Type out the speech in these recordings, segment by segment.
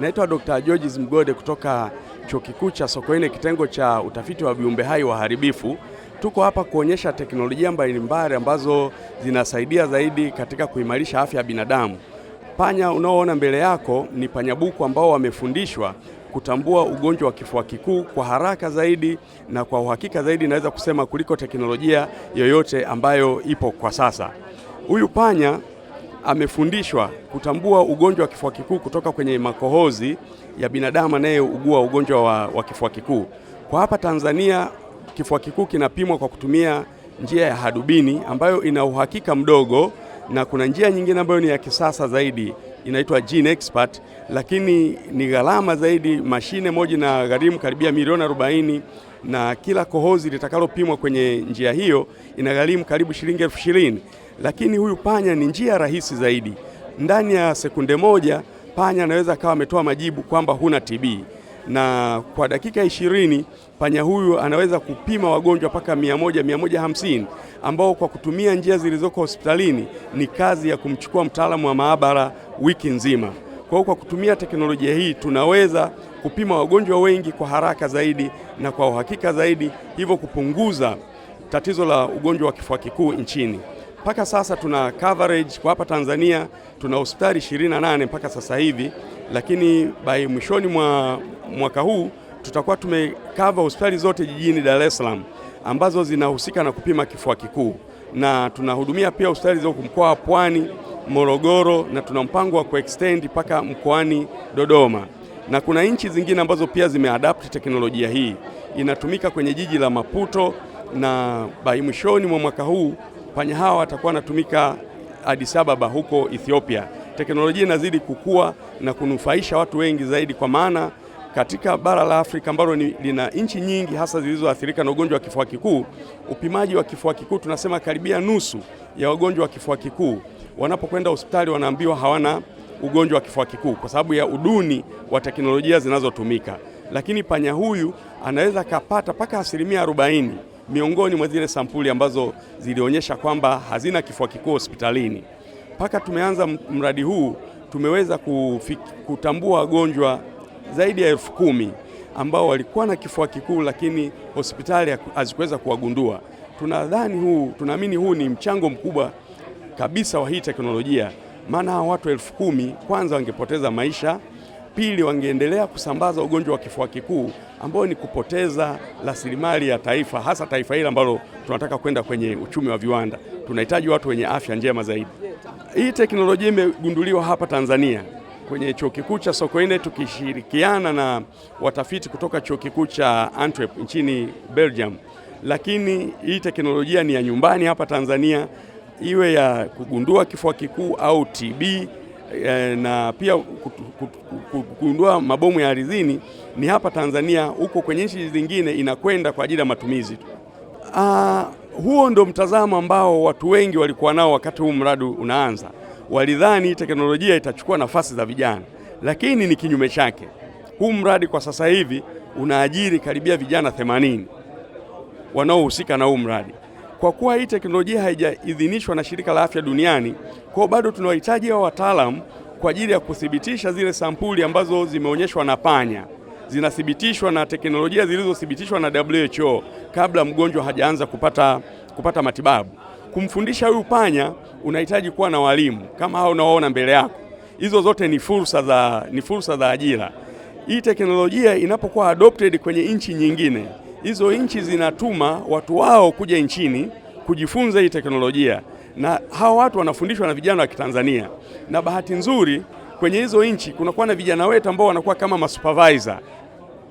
Naitwa Dr. Georges Mgode kutoka Chuo Kikuu cha Sokoine kitengo cha utafiti wa viumbe hai waharibifu. Tuko hapa kuonyesha teknolojia mbalimbali ambazo zinasaidia zaidi katika kuimarisha afya ya binadamu. Panya unaoona mbele yako ni panya buku ambao wamefundishwa kutambua ugonjwa wa kifua kikuu kwa haraka zaidi na kwa uhakika zaidi, naweza kusema kuliko teknolojia yoyote ambayo ipo kwa sasa. Huyu panya amefundishwa kutambua ugonjwa wa kifua kikuu kutoka kwenye makohozi ya binadamu anayeugua ugonjwa wa, wa kifua kikuu. Kwa hapa Tanzania kifua kikuu kinapimwa kwa kutumia njia ya hadubini ambayo ina uhakika mdogo, na kuna njia nyingine ambayo ni ya kisasa zaidi inaitwa Gene Expert, lakini ni gharama zaidi. Mashine moja na gharimu karibia milioni 40 na kila kohozi litakalopimwa kwenye njia hiyo ina gharimu karibu shilingi elfu ishirini. Lakini huyu panya ni njia rahisi zaidi, ndani ya sekunde moja panya anaweza akawa ametoa majibu kwamba huna TB na kwa dakika ishirini panya huyu anaweza kupima wagonjwa mpaka mia moja, mia moja hamsini ambao kwa kutumia njia zilizoko hospitalini ni kazi ya kumchukua mtaalamu wa maabara wiki nzima. Kwa hiyo kwa kutumia teknolojia hii tunaweza kupima wagonjwa wengi kwa haraka zaidi na kwa uhakika zaidi, hivyo kupunguza tatizo la ugonjwa wa kifua kikuu nchini. Mpaka sasa tuna coverage kwa hapa Tanzania tuna hospitali 28 mpaka sasa hivi, lakini by mwishoni mwa mwaka huu tutakuwa tumekava hospitali zote jijini Dar es Salaam ambazo zinahusika na kupima kifua kikuu, na tunahudumia pia hospitali za mkoa wa Pwani, Morogoro, na tuna mpango wa kuextend mpaka mkoani Dodoma, na kuna nchi zingine ambazo pia zimeadapt teknolojia hii, inatumika kwenye jiji la Maputo, na by mwishoni mwa mwaka huu Panya hawa watakuwa wanatumika Addis Ababa huko Ethiopia. Teknolojia inazidi kukua na kunufaisha watu wengi zaidi, kwa maana katika bara la Afrika ambalo lina nchi nyingi hasa zilizoathirika na ugonjwa wa kifua kikuu, upimaji wa kifua kikuu tunasema karibia nusu ya wagonjwa wa kifua kikuu wanapokwenda hospitali wanaambiwa hawana ugonjwa wa kifua kikuu kwa sababu ya uduni wa teknolojia zinazotumika, lakini panya huyu anaweza akapata mpaka asilimia arobaini miongoni mwa zile sampuli ambazo zilionyesha kwamba hazina kifua kikuu hospitalini. Mpaka tumeanza mradi huu tumeweza kufiki, kutambua wagonjwa zaidi ya elfu kumi ambao walikuwa na kifua kikuu lakini hospitali hazikuweza kuwagundua. Tunadhani huu, tunaamini huu ni mchango mkubwa kabisa wa hii teknolojia, maana hawa watu elfu kumi kwanza wangepoteza maisha. Pili, wangeendelea kusambaza ugonjwa wa kifua kikuu ambao ni kupoteza rasilimali ya taifa, hasa taifa hili ambalo tunataka kwenda kwenye uchumi wa viwanda. Tunahitaji watu wenye afya njema zaidi. Hii teknolojia imegunduliwa hapa Tanzania kwenye chuo kikuu cha Sokoine tukishirikiana na watafiti kutoka chuo kikuu cha Antwerp nchini Belgium, lakini hii teknolojia ni ya nyumbani hapa Tanzania, iwe ya kugundua kifua kikuu au TB e, na pia kugundua mabomu ya ardhini ni hapa Tanzania, huko kwenye nchi zingine inakwenda kwa ajili ya matumizi tu. Ah, huo ndo mtazamo ambao watu wengi walikuwa nao wakati huu mradi unaanza. Walidhani teknolojia itachukua nafasi za vijana, lakini ni kinyume chake. Huu mradi kwa sasa hivi unaajiri karibia vijana 80 wanaohusika na huu mradi. Kwa kuwa hii teknolojia haijaidhinishwa na shirika la afya duniani, kwa bado tunawahitaji hao wataalamu kwa ajili ya kuthibitisha zile sampuli ambazo zimeonyeshwa na panya zinathibitishwa na teknolojia zilizothibitishwa na WHO kabla mgonjwa hajaanza kupata, kupata matibabu. Kumfundisha huyu panya unahitaji kuwa na walimu kama hao unaoona mbele yako. Hizo zote ni fursa za, ni fursa za ajira. Hii teknolojia inapokuwa adopted kwenye nchi nyingine hizo nchi zinatuma watu wao kuja nchini kujifunza hii teknolojia, na hawa watu wanafundishwa na vijana wa Kitanzania, na bahati nzuri kwenye hizo nchi kunakuwa na vijana wetu ambao wanakuwa kama masupervisor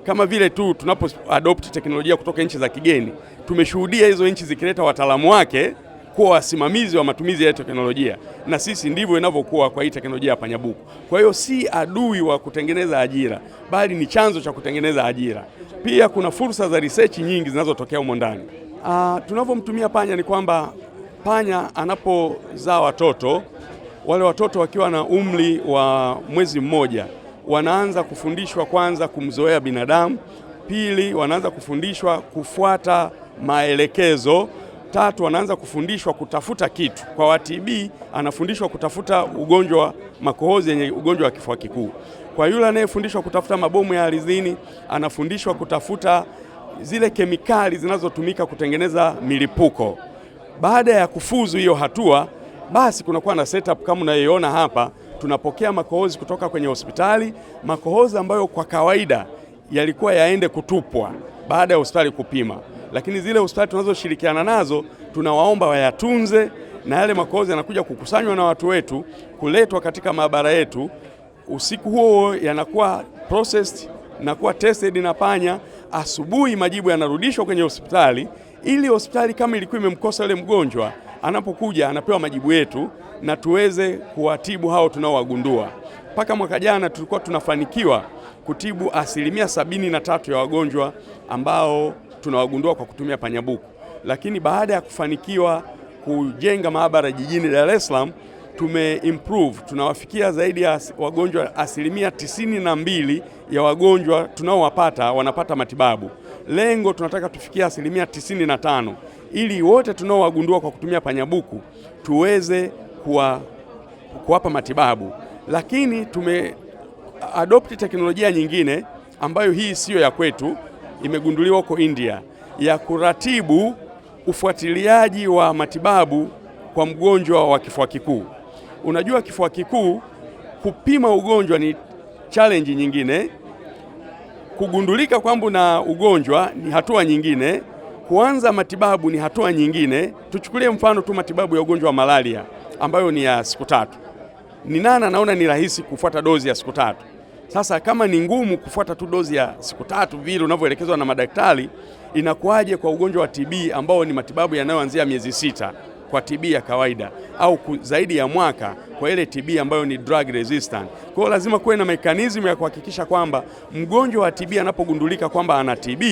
kama vile tu tunapo adopt teknolojia kutoka nchi za kigeni, tumeshuhudia hizo nchi zikileta wataalamu wake kuwa wasimamizi wa matumizi ya teknolojia, na sisi ndivyo inavyokuwa kwa hii teknolojia ya Panyabuku. Kwa hiyo si adui wa kutengeneza ajira, bali ni chanzo cha kutengeneza ajira. Pia kuna fursa za research nyingi zinazotokea humo ndani. Uh, tunavyomtumia panya ni kwamba panya anapozaa watoto wale watoto wakiwa na umri wa mwezi mmoja wanaanza kufundishwa kwanza kumzoea binadamu, pili wanaanza kufundishwa kufuata maelekezo, tatu wanaanza kufundishwa kutafuta kitu. Kwa watibii anafundishwa kutafuta ugonjwa makohozi yenye ugonjwa wa kifua kikuu. Kwa yule anayefundishwa kutafuta mabomu ya ardhini, anafundishwa kutafuta zile kemikali zinazotumika kutengeneza milipuko. Baada ya kufuzu hiyo hatua, basi kunakuwa na setup kama unayoiona hapa. Tunapokea makohozi kutoka kwenye hospitali, makohozi ambayo kwa kawaida yalikuwa yaende kutupwa baada ya hospitali kupima, lakini zile hospitali tunazoshirikiana nazo tunawaomba wayatunze, na yale makohozi yanakuja kukusanywa na watu wetu kuletwa katika maabara yetu usiku huo yanakuwa processed na kuwa tested na panya. Asubuhi majibu yanarudishwa kwenye hospitali, ili hospitali kama ilikuwa imemkosa yule mgonjwa, anapokuja anapewa majibu yetu na tuweze kuwatibu hao tunaowagundua. Mpaka mwaka jana tulikuwa tunafanikiwa kutibu asilimia sabini na tatu ya wagonjwa ambao tunawagundua kwa kutumia panyabuku, lakini baada ya kufanikiwa kujenga maabara jijini Dar es Salaam tumeimprove, tunawafikia zaidi ya wagonjwa asilimia tisini na mbili ya wagonjwa tunaowapata wanapata matibabu. Lengo tunataka tufikia asilimia tisini na tano ili wote tunaowagundua kwa kutumia panyabuku tuweze kuwa, kuwapa matibabu, lakini tume adopti teknolojia nyingine ambayo hii siyo ya kwetu, imegunduliwa huko India ya kuratibu ufuatiliaji wa matibabu kwa mgonjwa wa kifua kikuu. Unajua, kifua kikuu kupima ugonjwa ni challenge nyingine, kugundulika kwamba na ugonjwa ni hatua nyingine, kuanza matibabu ni hatua nyingine. Tuchukulie mfano tu matibabu ya ugonjwa wa malaria ambayo ni ya siku tatu. Ni naona ni rahisi kufuata dozi ya siku tatu? Sasa kama ni ngumu kufuata tu dozi ya siku tatu vile unavyoelekezwa na madaktari, inakuwaje kwa ugonjwa wa TB ambao ni matibabu yanayoanzia miezi sita? kwa TB ya kawaida au zaidi ya mwaka kwa ile TB ambayo ni drug resistant. Kwa hiyo lazima kuwe na mekanizmu ya kuhakikisha kwamba mgonjwa wa TB anapogundulika kwamba ana TB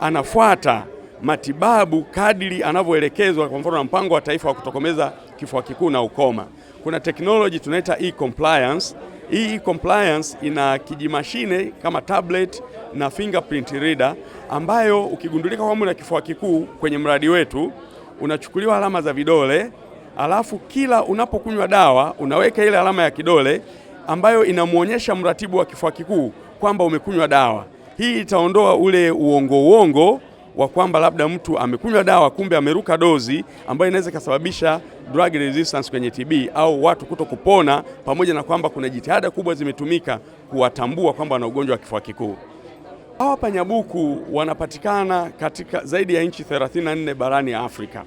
anafuata matibabu kadiri anavyoelekezwa, kwa mfano na mpango wa taifa wa kutokomeza kifua kikuu na ukoma. Kuna teknoloji tunaita e-compliance. Hii e-compliance ina kijimashine kama tablet na fingerprint reader ambayo ukigundulika kwamba una kifua kikuu kwenye mradi wetu unachukuliwa alama za vidole, alafu kila unapokunywa dawa unaweka ile alama ya kidole ambayo inamwonyesha mratibu wa kifua kikuu kwamba umekunywa dawa. Hii itaondoa ule uongo uongo wa kwamba labda mtu amekunywa dawa kumbe ameruka dozi ambayo inaweza ikasababisha drug resistance kwenye TB au watu kuto kupona, pamoja na kwamba kuna jitihada kubwa zimetumika kuwatambua kwamba wana ugonjwa wa kifua kikuu. Hawa panyabuku wanapatikana katika zaidi ya nchi 34 barani Afrika.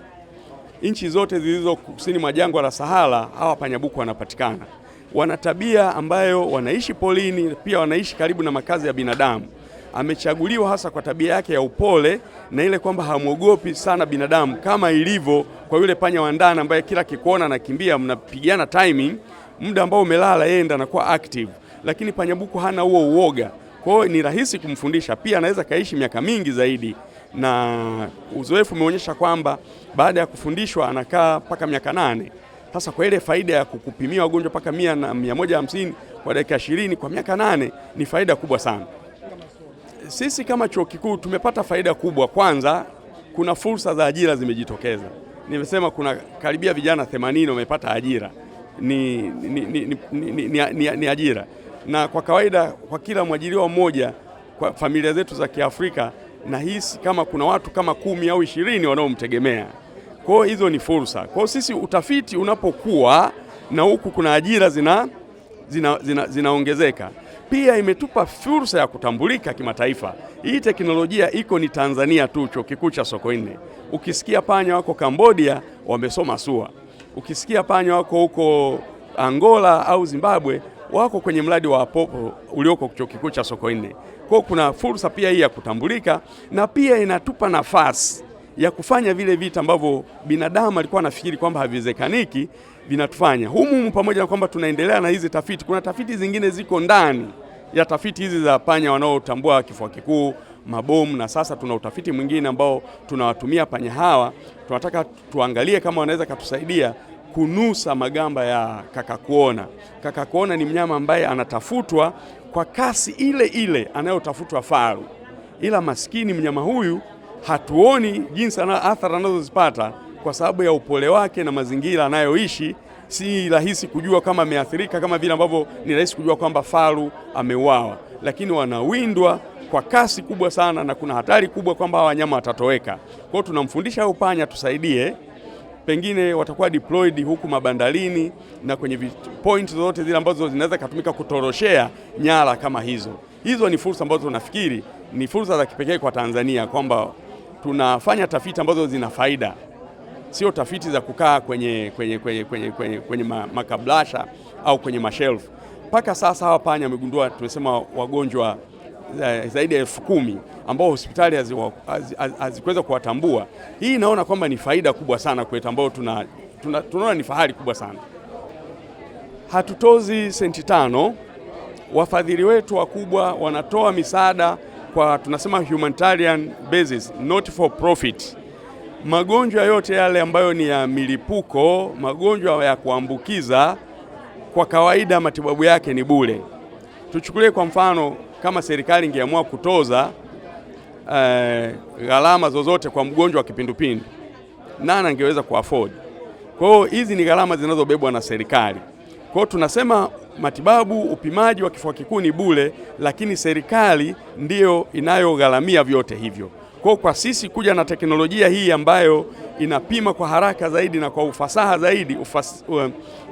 Nchi zote zilizo kusini mwa jangwa la Sahara, hawa panyabuku wanapatikana. Wana tabia ambayo wanaishi polini, pia wanaishi karibu na makazi ya binadamu. Amechaguliwa hasa kwa tabia yake ya upole na ile kwamba hamwogopi sana binadamu, kama ilivyo kwa yule panya wa ndani ambaye kila kikuona anakimbia, mnapigiana timing, muda ambao umelala yeye ndo anakuwa active, lakini panyabuku hana huo uoga. Kwa hiyo ni rahisi kumfundisha, pia anaweza kaishi miaka mingi zaidi, na uzoefu umeonyesha kwamba baada ya kufundishwa anakaa mpaka miaka nane. Sasa kwa ile faida ya kukupimia wagonjwa mpaka mia na mia moja hamsini kwa dakika ishirini kwa miaka nane ni faida kubwa sana. Sisi kama chuo kikuu tumepata faida kubwa. Kwanza, kuna fursa za ajira zimejitokeza. Nimesema kuna karibia vijana 80 wamepata ajira, ni, ni, ni, ni, ni, ni, ni ajira na kwa kawaida kwa kila mwajiriwa mmoja kwa familia zetu za Kiafrika nahisi kama kuna watu kama kumi au ishirini wanaomtegemea. Kwa hiyo hizo ni fursa. Kwa hiyo sisi, utafiti unapokuwa na huku kuna ajira zinaongezeka, zina, zina, zina pia imetupa fursa ya kutambulika kimataifa. Hii teknolojia iko ni Tanzania tu, chuo kikuu cha Sokoine. Ukisikia panya wako Kambodia wamesoma SUA, ukisikia panya wako huko Angola au Zimbabwe wako kwenye mradi wa popo ulioko chuo kikuu cha Sokoine. Kwa kuna fursa pia hii ya kutambulika na pia inatupa nafasi ya kufanya vile vitu ambavyo binadamu alikuwa anafikiri kwamba haviwezekaniki vinatufanya humu, pamoja na kwamba tunaendelea na hizi tafiti. Kuna tafiti zingine ziko ndani ya tafiti hizi za panya wanaotambua kifua kikuu, mabomu, na sasa tuna utafiti mwingine ambao tunawatumia panya hawa, tunataka tuangalie kama wanaweza katusaidia kunusa magamba ya kakakuona. Kakakuona ni mnyama ambaye anatafutwa kwa kasi ile ile anayotafutwa faru, ila maskini mnyama huyu hatuoni jinsi ana athari anazozipata kwa sababu ya upole wake na mazingira anayoishi. Si rahisi kujua kama ameathirika, kama vile ambavyo ni rahisi kujua kwamba faru ameuawa, lakini wanawindwa kwa kasi kubwa sana, na kuna hatari kubwa kwamba hawa wanyama watatoweka. Kwa hiyo tunamfundisha upanya tusaidie pengine watakuwa deployed huku mabandarini na kwenye point zote zile ambazo zinaweza ikatumika kutoroshea nyara kama hizo. Hizo ni fursa ambazo tunafikiri ni fursa za kipekee kwa Tanzania kwamba tunafanya tafiti ambazo zina faida, sio tafiti za kukaa kwenye, kwenye, kwenye, kwenye, kwenye, kwenye makablasha au kwenye mashelfu. Mpaka sasa hawa panya wamegundua, tumesema wagonjwa Eh, zaidi ya elfu kumi ambao hospitali hazikuweza kuwatambua. Hii naona kwamba ni faida kubwa sana kwetu, ambayo tunaona tuna, tunaona ni fahari kubwa sana. Hatutozi senti tano. Wafadhili wetu wakubwa wanatoa misaada kwa tunasema humanitarian basis, not for profit. Magonjwa yote yale ambayo ni ya milipuko, magonjwa ya kuambukiza, kwa kawaida matibabu yake ni bule. Tuchukulie kwa mfano kama serikali ingeamua kutoza eh, gharama zozote kwa mgonjwa wa kipindupindu nani angeweza kuafford? Kwa hiyo hizi ni gharama zinazobebwa na serikali. Kwa hiyo tunasema matibabu, upimaji wa kifua kikuu ni bure, lakini serikali ndiyo inayogharamia vyote hivyo. Kwa hiyo kwa sisi kuja na teknolojia hii ambayo inapima kwa haraka zaidi na kwa ufasaha zaidi ufas, uh,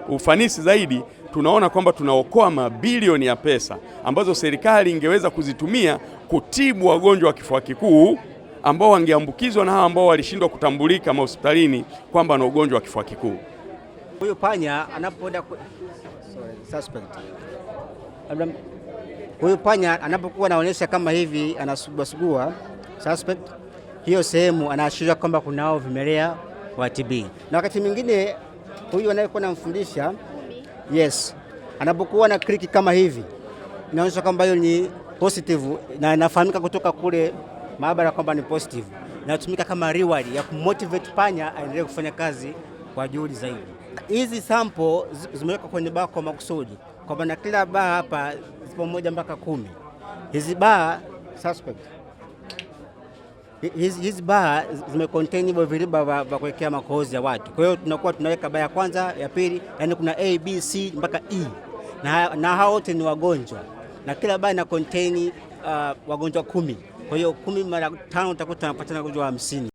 ufanisi zaidi, tunaona kwamba tunaokoa mabilioni ya pesa ambazo serikali ingeweza kuzitumia kutibu wagonjwa wa kifua kikuu ambao wangeambukizwa na hawa ambao walishindwa kutambulika mahospitalini kwamba na ugonjwa wa kifua kikuu. Huyo panya anapoenda ku... Sorry, suspect. huyo panya anapokuwa anaonyesha kama hivi anasuguasugua suspect, hiyo sehemu anaashiria kwamba kunao vimelea wa TB na wakati mwingine huyu anayekuwa namfundisha yes, anapokuwa na click kama hivi, inaonyesha kwamba hiyo ni positive na inafahamika kutoka kule maabara kwamba ni positive, inatumika kama reward ya kumotivate panya aendelee kufanya kazi kwa juhudi zaidi. Hizi sample zimewekwa kwenye baa kwa makusudi, kwamba na kila baa hapa zipo moja mpaka kumi. Hizi baa suspect hizi baa zimecontain hivyo viriba vya kuwekea makohozi ya watu. Kwa hiyo tunakuwa tunaweka baa ya kwanza, ya pili, yani kuna A, B, C mpaka E na, na hao wote ni wagonjwa na kila baa ina contain uh, wagonjwa kumi. Kwa hiyo kumi mara tano utakuta unapata wagonjwa hamsini.